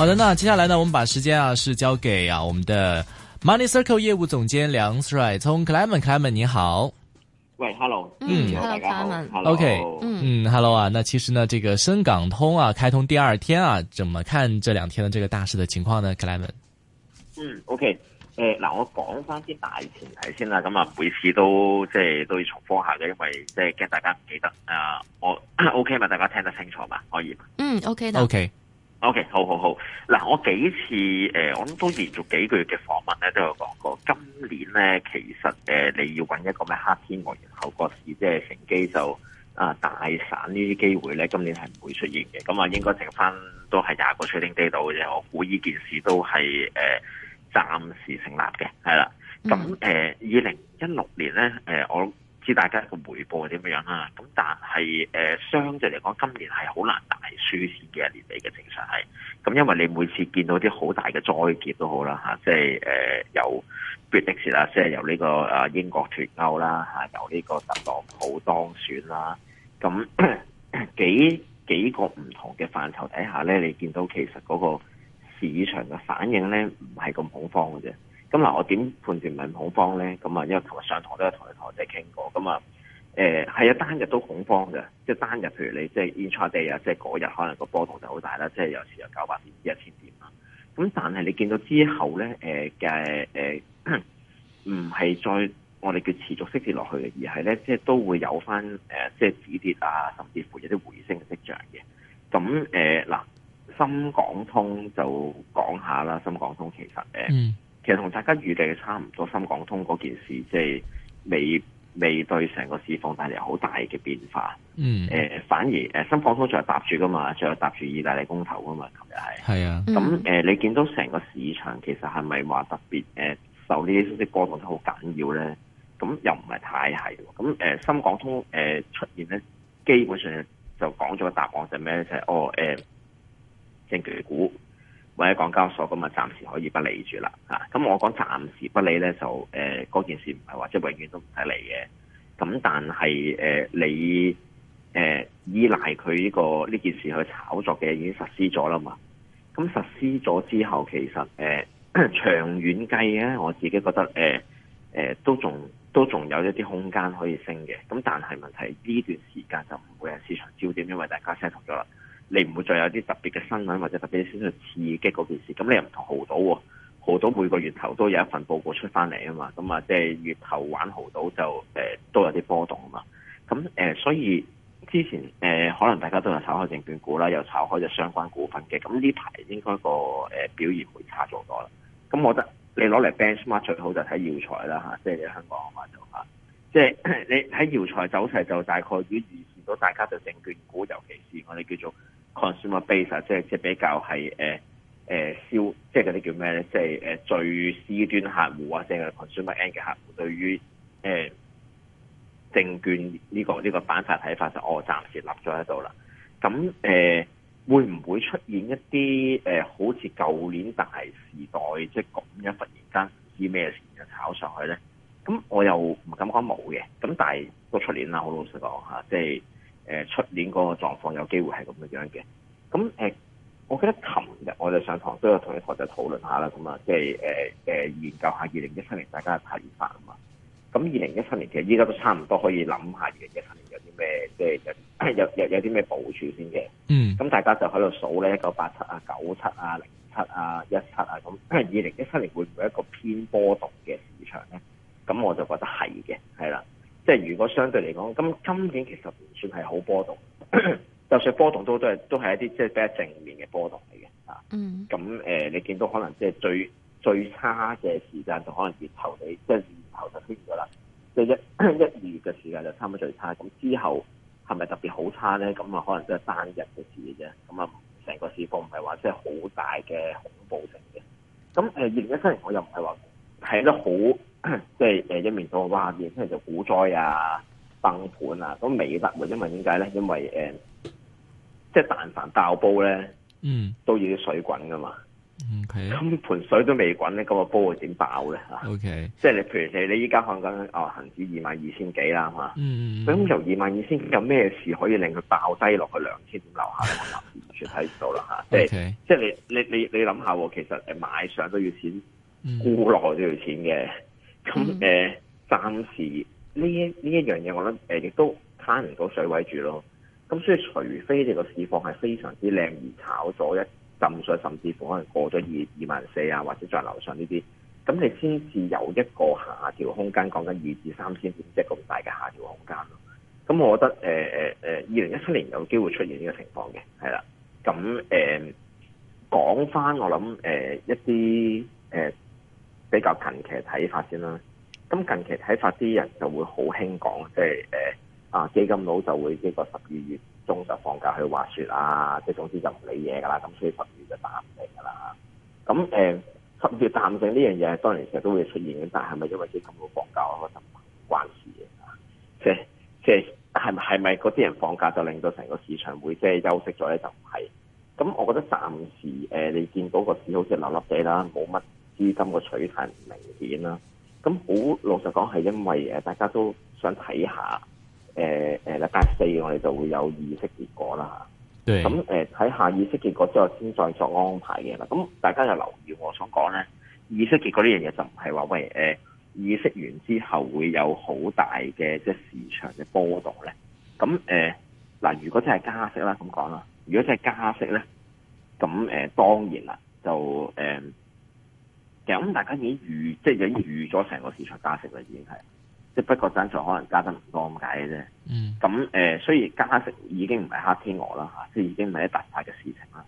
好的，那、哦、接下來呢，我們把時間啊是交給啊我們的 Money Circle 業務總監梁帥聰從 Clement Clement，你好。喂，Hello。嗯，Hello Clement。Hello。OK、嗯。嗯嗯，Hello 啊，那其實呢，這個深港通啊，開通第二天啊，怎麼看這兩天的這個大市的情況呢，Clement？嗯，OK。呃嗱，我講翻啲大前提先啦，咁啊，每次都即係都要重複下嘅，因為即係驚大家唔記得啊，我啊 OK 嘛？大家聽得清楚嘛？可以？嗯，OK 的。OK。O.K.，好好好。嗱，我幾次誒、呃，我都連續幾個月嘅訪問咧，都有講過。今年呢，其實誒、呃，你要搵一個咩黑天鵝，然後個市即係乘機就啊、呃、大散呢啲機會呢，今年係唔會出現嘅。咁啊，應該剩返都係廿個 trading day 度嘅。我估呢件事都係誒、呃、暫時成立嘅，係啦。咁誒，二零一六年呢。誒、呃、我。大家一個回報係點樣啦？咁但係誒、呃、相對嚟講，今年係好難大輸錢嘅一年嚟嘅，正常係咁，因為你每次見到啲好大嘅災劫都好啦吓、啊，即係誒、呃、有 Brexit、啊、即係由呢個啊英國脱歐啦嚇、啊，由呢個特朗普當選啦，咁、啊、幾幾個唔同嘅範疇底下咧，你見到其實嗰個市場嘅反應咧，唔係咁恐慌嘅啫。咁嗱，我點判斷唔係恐慌咧？咁啊，因為頭日上堂都有同你同學仔傾過，咁啊，誒係有單日都恐慌嘅，即係單日，譬如你即係 intra day 啊，即係嗰日可能個波動就好大啦，即係有時有九百點、一千點啊。咁但係你見到之後咧，誒嘅誒，唔係再我哋叫持續息跌落去嘅，而係咧即係都會有翻誒即係止跌啊，甚至乎有啲回升嘅跡象嘅。咁誒嗱，深港通就講下啦，深港通其實誒。其實同大家預計嘅差唔多，深港通嗰件事即係未未對成個市況帶嚟好大嘅變化。嗯、呃，誒反而誒深港通仲係搭住噶嘛，仲有搭住意大利公投噶嘛，琴日係。係是啊、嗯，咁、呃、誒你見到成個市場其實係咪話特別誒、呃、受呢啲消息波動得好緊要咧？咁又唔係太係。咁、呃、誒深港通誒、呃、出現咧，基本上就講咗個答案就係咩咧？就係、是、哦誒，證、呃、券股。或者港交所咁啊，暫時可以不理住啦嚇。咁、啊、我講暫時不理呢，就誒嗰、呃、件事唔係話即永遠都唔使理嘅。咁但係誒、呃、你誒、呃、依賴佢呢、這個呢件、這個這個、事去炒作嘅已經實施咗啦嘛。咁實施咗之後，其實誒、呃、長遠計呢，我自己覺得誒誒、呃呃、都仲都仲有一啲空間可以升嘅。咁但係問題呢段時間就唔會係市場焦點，因為大家 set 咗啦。你唔會再有啲特別嘅新聞或者特別嘅消息刺激嗰件事，咁你又唔同濠賭喎、哦，濠賭每個月頭都有一份報告出返嚟啊嘛，咁啊即係月頭玩濠賭就誒、呃、都有啲波動啊嘛，咁誒、呃、所以之前誒、呃、可能大家都係炒開證券股啦，又炒開隻相關股份嘅，咁呢排應該個誒、呃、表現會差咗好多啦。咁我覺得你攞嚟 Benchmark 最好就睇耀才啦嚇，即係喺香港嘅話就嚇，即、啊、係、就是、你喺耀才走勢就大概如果預示到大家就證券股尤其是我哋叫做，consumer base 即係即係比較係誒誒消即係嗰啲叫咩咧？即係誒最 C 端客戶啊，即係 consumer end 嘅客戶對於誒、呃、證券呢個呢個板塊睇法，就我、哦、暫時立咗喺度啦。咁誒、呃、會唔會出現一啲誒、呃、好似舊年大時代即係咁樣忽然間唔知咩事就炒上去咧？咁我又唔敢講冇嘅。咁但係都出年啦，好老實講吓，即係。誒出年嗰個狀況有機會係咁樣樣嘅。咁誒，我記得琴日我就上堂都有同啲同學仔討論下啦。咁啊，即係誒誒研究下二零一七年大家嘅睇法啊嘛。咁二零一七年其實依家都差唔多可以諗下二零一七年有啲咩，即係有有有啲咩部署先嘅。嗯，咁大家就喺度數咧，一九八七啊、九七啊、零七啊、一七啊，咁二零一七年會唔會一個偏波動嘅市場咧？咁我就覺得係嘅，係啦，即係如果相對嚟講，咁今年其實。算係好波動， 就算波動都係都係都係一啲即係比較正面嘅波動嚟嘅啊。咁誒、嗯呃，你見到可能即係最最差嘅時間就可能年頭你即係年頭就㗱咗啦，即、就、係、係、一 一二月嘅時間就差唔多最差。咁之後係咪特別好差咧？咁啊，可能即係單日嘅事嘅啫。咁啊，成個市況唔係話即係好大嘅恐怖性嘅。咁誒，二零一七年我又唔係話睇得好，即係誒一面到話嘅，即係就股災啊。崩盤啊！都未得。盤，因為點解咧？因為誒、呃，即係但凡爆煲咧，嗯，都要水滾噶嘛。咁盤 Okay. 水都未滾咧，嗰、嗰個煲會點爆咧？嚇，OK，即係你譬如你你依家看緊哦，恆指二萬二千幾啦，嚇，嗯嗯，咁由二萬二千幾有咩事可以令佢爆低落去兩千五樓下？我諗 完全睇唔到啦嚇 Okay.，即係即係你你你你諗下、啊，其實誒買上都要錢，沽落、嗯、都要錢嘅，咁誒暫時。呢一呢一樣嘢，我覺得亦、呃、都攤唔到水位住咯。咁所以，除非你個市況係非常之靚而炒咗一浸水，甚至乎可能過咗二二萬四啊，或者再樓上呢啲，咁你先至有一個下調空間，講緊二至三千點即係咁大嘅下調空間。咁我覺得誒誒誒，二零一七年有機會出現呢個情況嘅，係啦。咁誒講翻，呃、我諗誒、呃、一啲、呃、比較近期嘅睇法先啦。咁近期睇法啲人就會好興講，即係誒啊基金佬就會呢個十二月中就放假去滑雪啊，即係總之就唔理嘢㗎啦。咁所以十二月就淡定㗎啦。咁誒、啊、十月淡定呢樣嘢，當然成日都會出現嘅，但係咪因為基金佬放假我個就關事嘅？即係即係係咪咪嗰啲人放假就令到成個市場會即係休息咗咧？就唔係。咁我覺得暫時誒、啊，你見到個市好似落落地啦，冇乜資金個取態明顯啦。咁好老實講，係因為誒，大家都想睇下，誒、呃、誒，禮拜四我哋就會有議息結果啦。吓對，咁誒睇下議息結果之後，先再作安排嘅啦。咁大家又留意我所講咧，議息結果呢樣嘢就唔係話喂，誒、呃，議息完之後會有好大嘅即係市場嘅波動咧。咁誒嗱，如果真係加息啦，咁講啦，如果真係加息咧，咁誒、呃、當然啦，就誒。呃咁大家已經預，即係已經預咗成個市場加息啦，已經係，即係不過真就可能加得唔多咁解嘅啫。嗯。咁誒，雖然加息已經唔係黑天鵝啦吓，即係已經唔係一大塊嘅事情啦。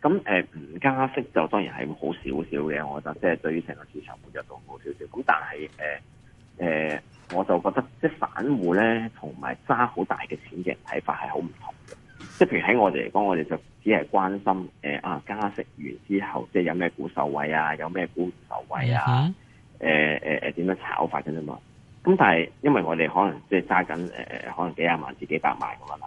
咁誒，唔加息就當然係好少少嘅，我覺得，即係對於成個市場活得到好少少。咁但係誒誒，我就覺得即係散戶咧，同埋揸好大嘅錢嘅人睇法係好唔同嘅。即係譬如喺我哋嚟講，我哋就。只係關心誒啊、呃、加息完之後，即係有咩股受惠啊，有咩股受惠啊？誒誒誒，點、呃呃、樣炒法嘅啫嘛？咁但係，因為我哋可能即係揸緊誒誒，可能幾廿萬至幾百萬咁樣啦。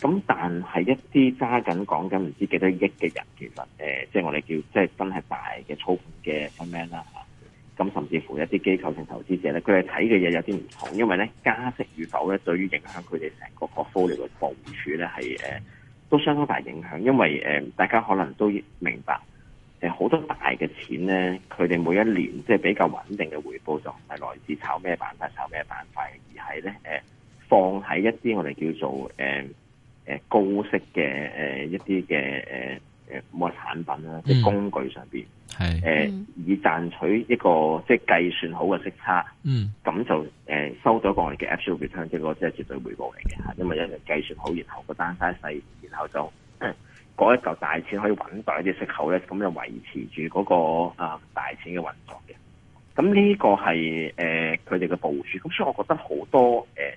咁、啊、但係一啲揸緊講緊唔知幾多億嘅人，其實誒、呃，即係我哋叫即係真係大嘅操盤嘅 fund 啦。咁、啊啊啊、甚至乎一啲機構性投資者咧，佢哋睇嘅嘢有啲唔同，因為咧加息與否咧，對於影響佢哋成個個 portfolio 嘅部署咧，係誒。啊都相當大影響，因為誒、呃、大家可能都明白誒好、呃、多大嘅錢咧，佢哋每一年即係比較穩定嘅回報就係來自炒咩板塊、炒咩板塊，而係咧誒放喺一啲我哋叫做誒誒、呃、高息嘅誒、呃、一啲嘅誒誒乜產品啦，即工具上邊。嗯係誒，是嗯、以賺取一個即係計算好嘅息差，嗯，咁就誒收咗一個我哋嘅 absolute return，即係個即係絕對回報嚟嘅吓，因為一樣計算好，然後個單 size 然後就嗰一嚿大錢可以搵到一啲息口咧，咁就維持住嗰、那個啊、呃、大錢嘅運作嘅。咁呢個係誒佢哋嘅部署，咁、呃、所以我覺得好多誒、呃、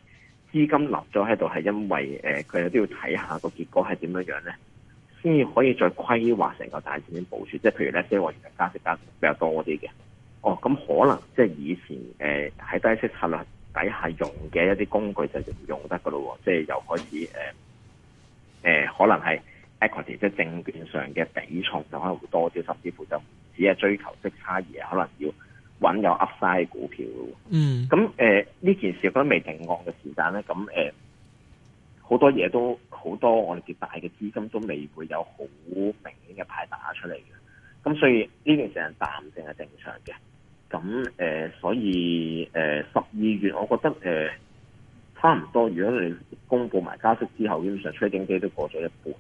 資金留咗喺度，係因為誒佢哋都要睇下個結果係點樣樣咧。先要可以再規劃成個大錢先部署，即係譬如咧，即係話其實加息加息比較多啲嘅。哦，咁可能即係以前誒喺、呃、低息策略底下用嘅一啲工具就不用得㗎喇喎，即係又開始，誒、呃、誒、呃，可能係 equity 即係證券上嘅比重就可能會多啲，甚至乎就唔止係追求息差而係可能要揾有 Upside 股票。嗯，咁誒呢件事都、嗰個、未定案嘅時間咧，咁誒。呃好多嘢都好多，我哋接大嘅資金都未會有好明顯嘅牌打出嚟嘅，咁所以呢段時間係淡定係正常嘅。咁誒、呃，所以誒十二月，我覺得誒、呃、差唔多。如果你公布埋加息之後，基本上衰退機都過咗一半，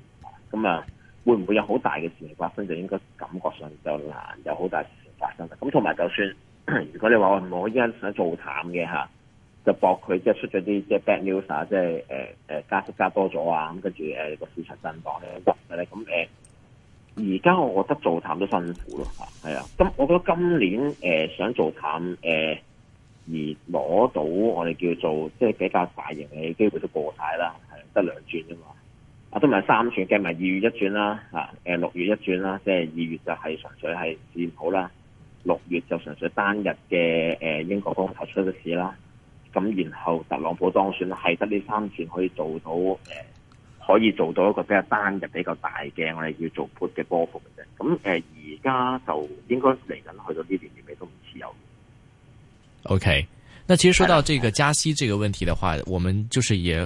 咁啊，會唔會有好大嘅事情發生？就應該感覺上就難有好大事情發生啦。咁同埋就算如果你話我依家想做淡嘅話。就博佢，即係出咗啲即係 bad news 啊，即係誒加息加多咗啊，咁跟住誒個市場震盪咧，咁誒而家我覺得做淡都辛苦咯嚇，係啊。咁我覺得今年誒、呃、想做淡誒、呃、而攞到我哋叫做即係比較大型嘅機會都過晒啦，係得兩轉啫嘛。啊，都唔係三轉，計埋二月一轉啦嚇，誒六月一轉啦，即係二月就係純粹係市好啦，六月就純粹單日嘅英國公投出咗市啦。咁然後特朗普當選係得呢三次可以做到，誒、呃、可以做到一個比較單嘅、比較大嘅我哋叫做 put 嘅波幅嘅啫。咁誒而家就應該嚟緊去到呢段年尾都唔持有。OK，那其實講到這個加息這個問題的話，我們就是也。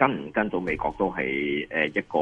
跟唔跟到美國都係一個、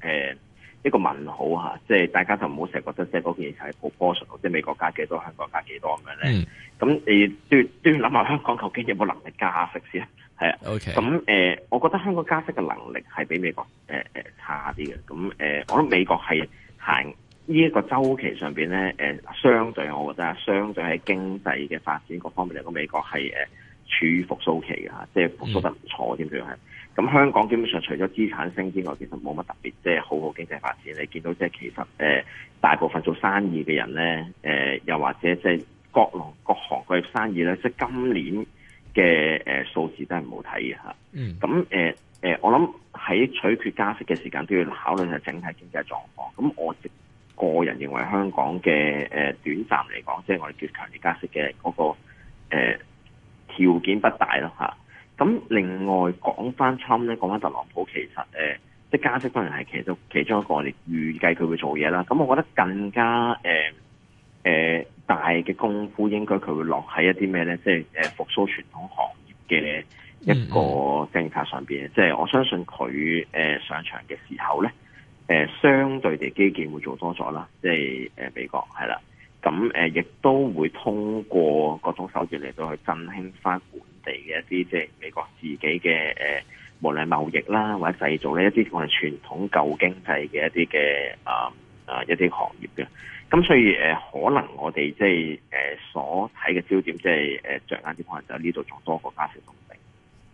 呃、一個問號，即係大家就唔好成日覺得即係嗰件事係 proportion，即係美國加幾多香港加幾多咁樣咧。咁、mm. 你都都要諗下香港究竟有冇能力加息先？係啊，OK。咁、呃、誒，我覺得香港加息嘅能力係比美國、呃、差啲嘅。咁誒、呃，我覺得美國係行呢一個周期上面咧、呃，相對我覺得相對喺經濟嘅發展各方面嚟講，美國係誒、呃、處於復甦期嘅嚇，即、就、係、是、復甦得唔錯，點樣、mm. 咁香港基本上除咗資產升之外，其實冇乜特別，即係好好經濟發展。你見到即係其實，誒、呃、大部分做生意嘅人咧，誒、呃、又或者即係各，各行各業生意咧，即係今年嘅誒、呃、數字真係唔好睇嘅嚇。嗯，咁誒誒，我諗喺取決加息嘅時間都要考慮下整體經濟嘅狀況。咁我個人認為香港嘅誒短暫嚟講，即、就、係、是、我哋叫強烈加息嘅嗰、那個誒、呃、條件不大咯嚇。咁另外講翻 Trump 咧，講翻特朗普其實誒，即係加息當然係其實都其中一個，我哋預計佢會做嘢啦。咁我覺得更加誒、呃呃、大嘅功夫應該佢會落喺一啲咩咧？即係誒復甦傳統行業嘅一個政策上面。即係、嗯嗯、我相信佢上場嘅時候咧，相對地基建會做多咗啦，即係美國係啦。咁亦都會通過各種手段嚟到去振興翻。嚟嘅一啲即係美國自己嘅誒、呃，無論貿易啦或者製造呢一啲我哋傳統舊經濟嘅一啲嘅啊啊一啲行業嘅，咁所以誒、呃，可能我哋即係誒、呃、所睇嘅焦點，就是，即係誒着眼點，可能就係呢度仲多個加息。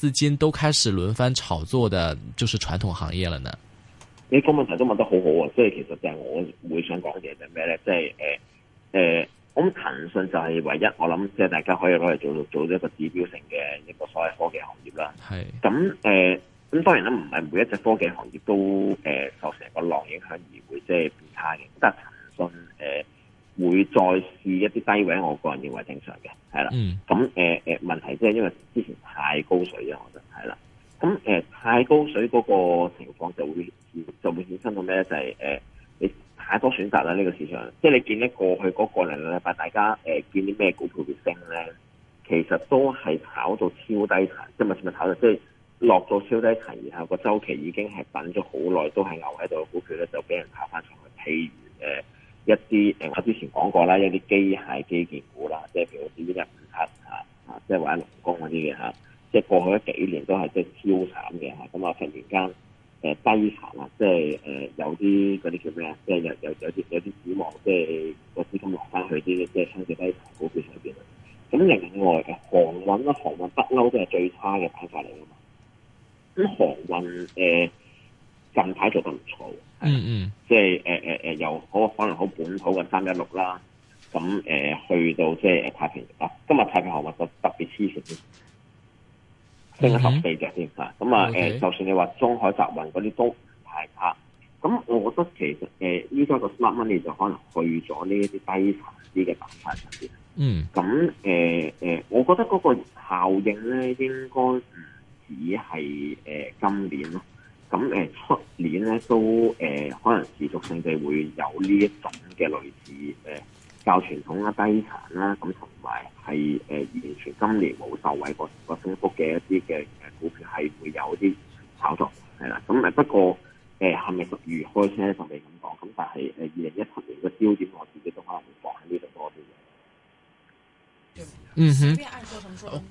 資金都開始輪番炒作的，就是傳統行業了呢。呢個問題都問得好好啊，即係其實就係我會想講嘅嘢就係咩咧，即係誒誒，我諗騰訊就係唯一我諗即係大家可以攞嚟做做一個指標性嘅一個所謂科技行業啦。係咁誒，咁、呃、當然啦，唔係每一隻科技行業都誒、呃、受成個浪影響而會即係變差嘅，得騰訊誒。呃會再試一啲低位，我個人認為正常嘅，係啦。咁誒誒問題即係因為之前太高水啊，我覺得係啦。咁誒、呃、太高水嗰個情況就會就會衍生到咩咧？就係、是、誒、呃、你太多選擇啦，呢、這個市場。即係你見得過去嗰個零零禮拜，大家誒、呃、見啲咩股票會升咧，其實都係炒到超低層，即係咪先炒到？即係落到超低層，然後個週期已經係等咗好耐，都係牛喺度嘅股票咧，就俾人炒翻上去。譬如誒。一啲誒，我之前講過啦，一啲機械基建股啦，即係譬如啲啲入貨嚇嚇，即係或者龍工嗰啲嘅嚇，即係過去咗幾年都係即係超慘嘅嚇，咁啊突然間誒低沉啦，即係誒有啲嗰啲叫咩啊，即係有有有啲有啲指望，即係個資金落翻去啲即係相對低股票上邊，咁另外嘅航運咧，航運不嬲都係最差嘅板塊嚟㗎嘛。咁航運誒。呃近排做得唔錯喎，嗯嗯、mm，即係誒誒誒，又、就、可、是呃呃、可能好本土嘅三一六啦，咁、呃、誒去到即係誒太平洋、啊、今日太平洋運得特別黐線升咗十四隻添嚇，咁、mm hmm. 啊誒，呃、Okay. 就算你話中海集運嗰啲都唔係嚇，咁我覺得其實誒依家個 smart money 就可能去咗呢一啲低層啲嘅板塊上邊，嗯、mm，咁誒誒，我覺得嗰個效應咧應該唔止係誒、呃、今年咯。咁誒出年咧都誒、呃，可能持續性地會有呢一種嘅類似誒、呃、較傳統啦、低層啦，咁同埋係誒完全今年冇受惠過個升幅嘅一啲嘅誒股票，係會有啲炒作，係啦。咁誒不過誒係咪十二月開車就未咁講？咁但係誒二零一七年嘅焦點，我自己都可能會放喺呢度多啲嘅。嗯、mm。Hmm.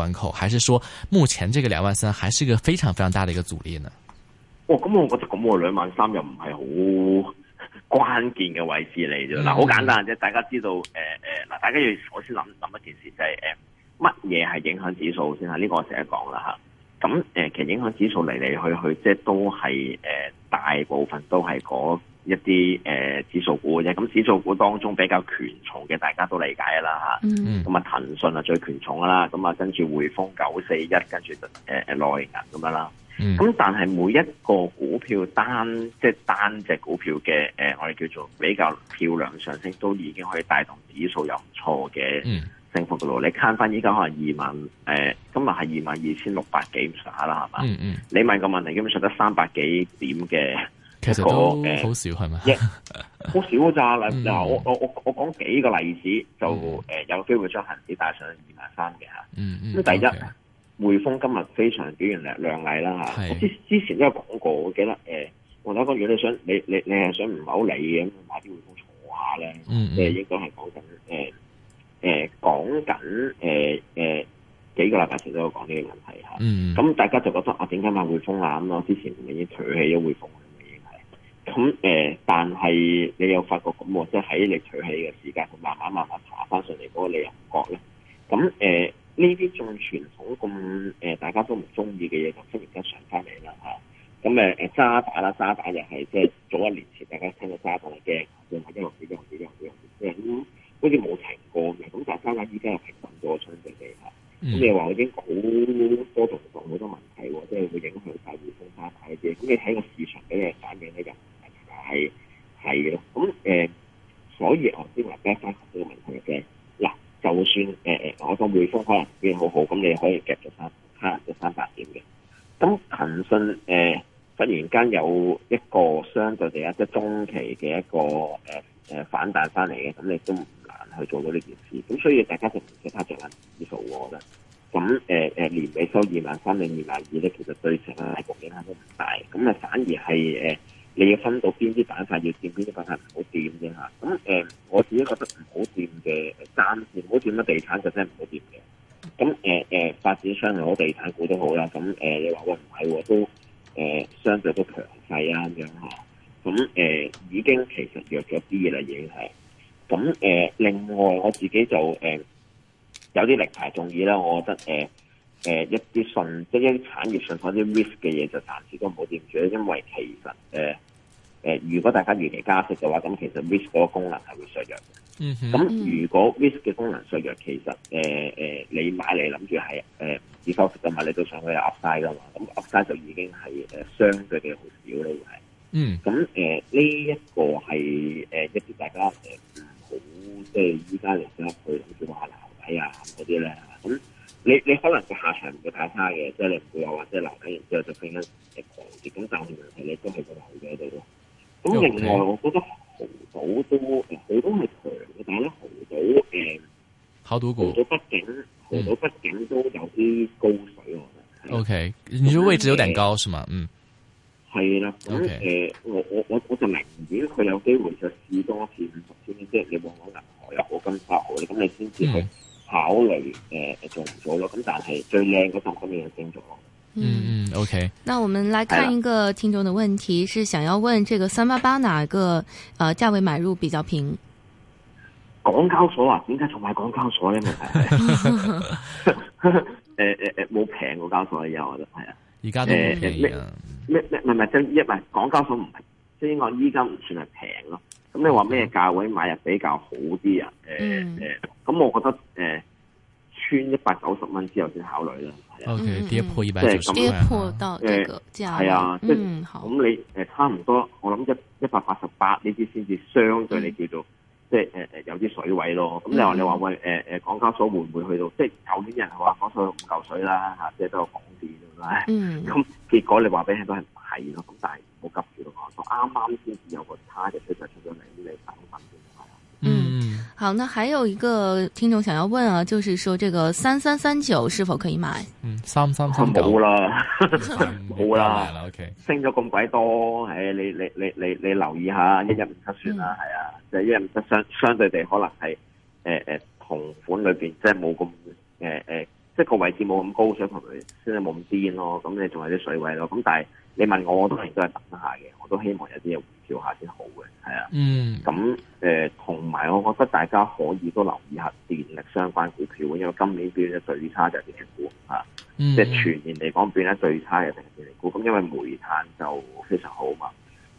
關口，還是說目前這個兩萬三還是一個非常非常大的一個阻力呢？哦，咁我覺得咁，兩萬三又唔係好關鍵嘅位置嚟啫。嗱、嗯，好簡單即大家知道，誒誒，嗱，大家要首先諗諗一件事、就是，就係誒，乜嘢係影響指數先吓？呢、這個我成日講啦吓。咁、啊、誒、呃，其實影響指數嚟嚟去去是是，即係都係誒，大部分都係嗰。一啲誒、呃、指數股嘅啫，咁指數股當中比較權重嘅，大家都理解啦嚇。咁啊騰訊啊最權重啦，咁啊跟住匯豐九四一，跟住就誒內銀咁樣啦。咁、mm. 但係每一個股票單即係單隻股票嘅誒、呃，我哋叫做比較漂亮上升，都已經可以帶動指數又唔錯嘅升幅嘅咯。Mm. 你看翻依家可能二萬誒、呃，今日係二萬二千六百幾咁上下啦，係嘛？Mm. 你問個問題，基本上得三百幾點嘅。其實都好少係咪？好少咋？嗱嗱，我我我我講幾個例子，就誒有機會將恒指帶上二萬三嘅吓。第一，匯豐今日非常表現靚靚麗啦吓。之之前都有講過，我記得誒，黃大哥，如果你想你你你係想唔係好理嘅，咁買啲匯豐坐下咧，誒應該係講緊誒誒講緊誒誒幾個禮拜前都有講呢個問題吓。咁大家就覺得我點解買匯豐啊？咁我之前已經取起咗匯豐。咁但係你有發覺咁喎，即係喺你取起嘅時間，慢慢慢慢爬翻上嚟嗰個利潤率咧。咁誒，呢啲仲傳統咁大家都唔中意嘅嘢，就忽然間上翻嚟啦嚇。咁誒渣打啦，渣打又係即係早一年前大家聽到渣打嘅驚，兩萬一毫紙，一毫紙，一毫紙，一毫紙，即係好似冇停過嘅。咁但係渣打依家又平咗咗相對嚟嚇。咁你又話我已經好多動作，好多問題喎，即係會影響曬匯兌、渣打嘅啲嘢。咁你睇個市場俾你反映一樣。係係嘅。咁誒、呃，所以我先話 back 翻頭先嘅問題嘅。嗱，就算誒誒、呃，我個匯豐可能變好好，咁你可以 g 咗 t 到三，嚇，到三百點嘅。咁騰訊誒，忽然間有一個相對地一,一中期嘅一個誒誒、呃、反彈翻嚟嘅，咁你都唔難去做到呢件事。咁所以大家就其他隻眼指數嘅。咁誒誒，年尾收二萬三定二萬二咧，其實對成個大盤影響都唔大。咁啊，反而係誒。呃你要分到邊啲板塊要佔，邊啲板塊唔好佔啫嚇。咁誒、呃，我自己覺得唔好佔嘅，暫時唔好佔乜地產就真係唔好佔嘅。咁誒誒，發展商攞地產股都好啦。咁誒、呃，你話喎唔係喎都誒、呃，相對都強勢啊咁樣嚇。咁誒、呃、已經其實弱咗啲啦，已經係。咁誒、呃，另外我自己就誒、呃、有啲名牌中意啦，我覺得誒。呃誒、呃，一啲信即係一啲產業上嗰啲 risk 嘅嘢，就暫時都冇掂住咧，因為其實誒誒、呃呃，如果大家預期加息嘅話，咁其實 risk 嗰個功能係會削弱嘅。嗯哼，咁如果 risk 嘅功能削弱，其實誒誒、呃呃，你買嚟諗住係誒止收息噶嘛，你都想佢 upside 噶嘛，咁 upside 就已經係誒、呃、相對嘅好少咧，係、啊。嗯。咁誒，呢一個係誒一啲大家誒好，即係依家嚟講，去諗住話牛鬼啊嗰啲咧，咁。你你可能個下場唔會太差嘅，即係你唔會話或者難睇，然之後就升得一毫啲，咁但係問題你都係好咗嘢嚟嘅。咁另外我覺得豪賭都多多、呃、好多係強嘅，但係豪賭誒，考到過，豪賭畢竟豪賭畢竟都有啲高水，我覺得。的 OK. 你個位置有點高，是嘛那？嗯，係啦。咁誒 Okay.，我我我我就寧願佢有機會就試多次五十先，即係你冇可能我又我咁差我，咁你先至。考慮誒、呃、做唔做咯，咁但係最靚嗰方面係升咗。嗯嗯，OK。那我們來看一個聽眾的問題，Yeah. 是想要問這個三八八哪個啊、呃、價位買入比較平？港交所啊？點解仲買港交所咧？誒誒誒，冇、呃、平過交所啊！我覺得係啊，而家都唔平咩咩係一係港交所唔平，即係應該依家唔算係平咯。咁你話咩價位買入比較好啲啊？誒誒、嗯。呃呃咁、嗯、我覺得誒、呃，穿一百九十蚊之後先考慮啦。O K. 跌破一百九十即係跌破到誒，係啊，即係咁。咁你誒，差唔多，我諗一一百八十八呢啲先至相對你叫做，即係誒誒有啲水位咯。咁、嗯、你話你話喂，誒、呃、誒，港交所會唔會去到？即係舊年人話港交所唔夠水啦，吓、啊，即係都有港啲咁啦。咁、嗯、結果你話俾你都係買咯。咁但係冇急住咯，我啱啱先至有個差嘅趨勢出咗嚟，啲你等等。嗯，好，那還有一個聽眾想要問啊，就是說這個三三三九是否可以買？嗯，三三三九啦，冇啦、啊， 升咗咁鬼多，唉、哎，你你你你你留意下，哦、一日唔計算啦，係、嗯、啊，就是、一日唔計算，相對地可能係，誒、呃、誒、呃，同款裏邊即係冇咁，誒誒，即係、呃呃、個位置冇咁高，所以佢先係冇咁癲咯，咁你仲有啲水位咯，咁但係。你問我，我都當然都係等下嘅，我都希望有啲嘢回調下先好嘅，係啊、嗯嗯。嗯。咁誒，同埋我覺得大家可以都留意下電力相關股票，因為今年變咗最差就係電力股嚇，即係、嗯、全年嚟講，變咗最差嘅就係電力股。咁因為煤炭就非常好嘛，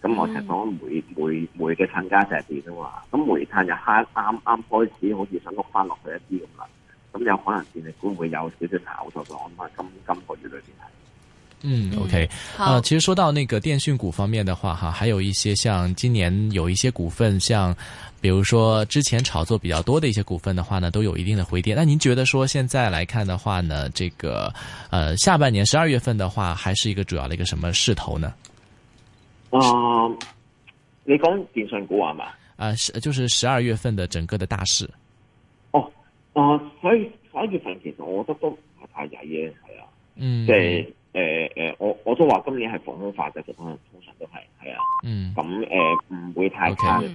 咁、嗯、我成日講煤煤煤嘅趁家就係電啊嘛，咁煤炭就啱啱開始好似想碌翻落去一啲咁啦，咁有可能電力股會有少少炒作咗，咁啊今今個月裏邊係。嗯，OK，啊、呃，其實說到那個電訊股方面的話，哈，還有一些像今年有一些股份，像，比如說之前炒作比較多的一些股份的話呢，都有一定的回跌。那您覺得說現在來看的話呢，這個，呃，下半年十二月份的話，還是一個主要的一個什麼勢頭呢？啊，你講電訊股係嘛？是啊，就是十二月份的整個的大勢。哦，啊，以，十一月其實我覺得都唔係太曳嘅，係啊，嗯，對、就是誒誒、呃，我我都話今年係防空化，嘅情況通常都係係啊，咁誒、嗯，唔、呃、會太差。Okay.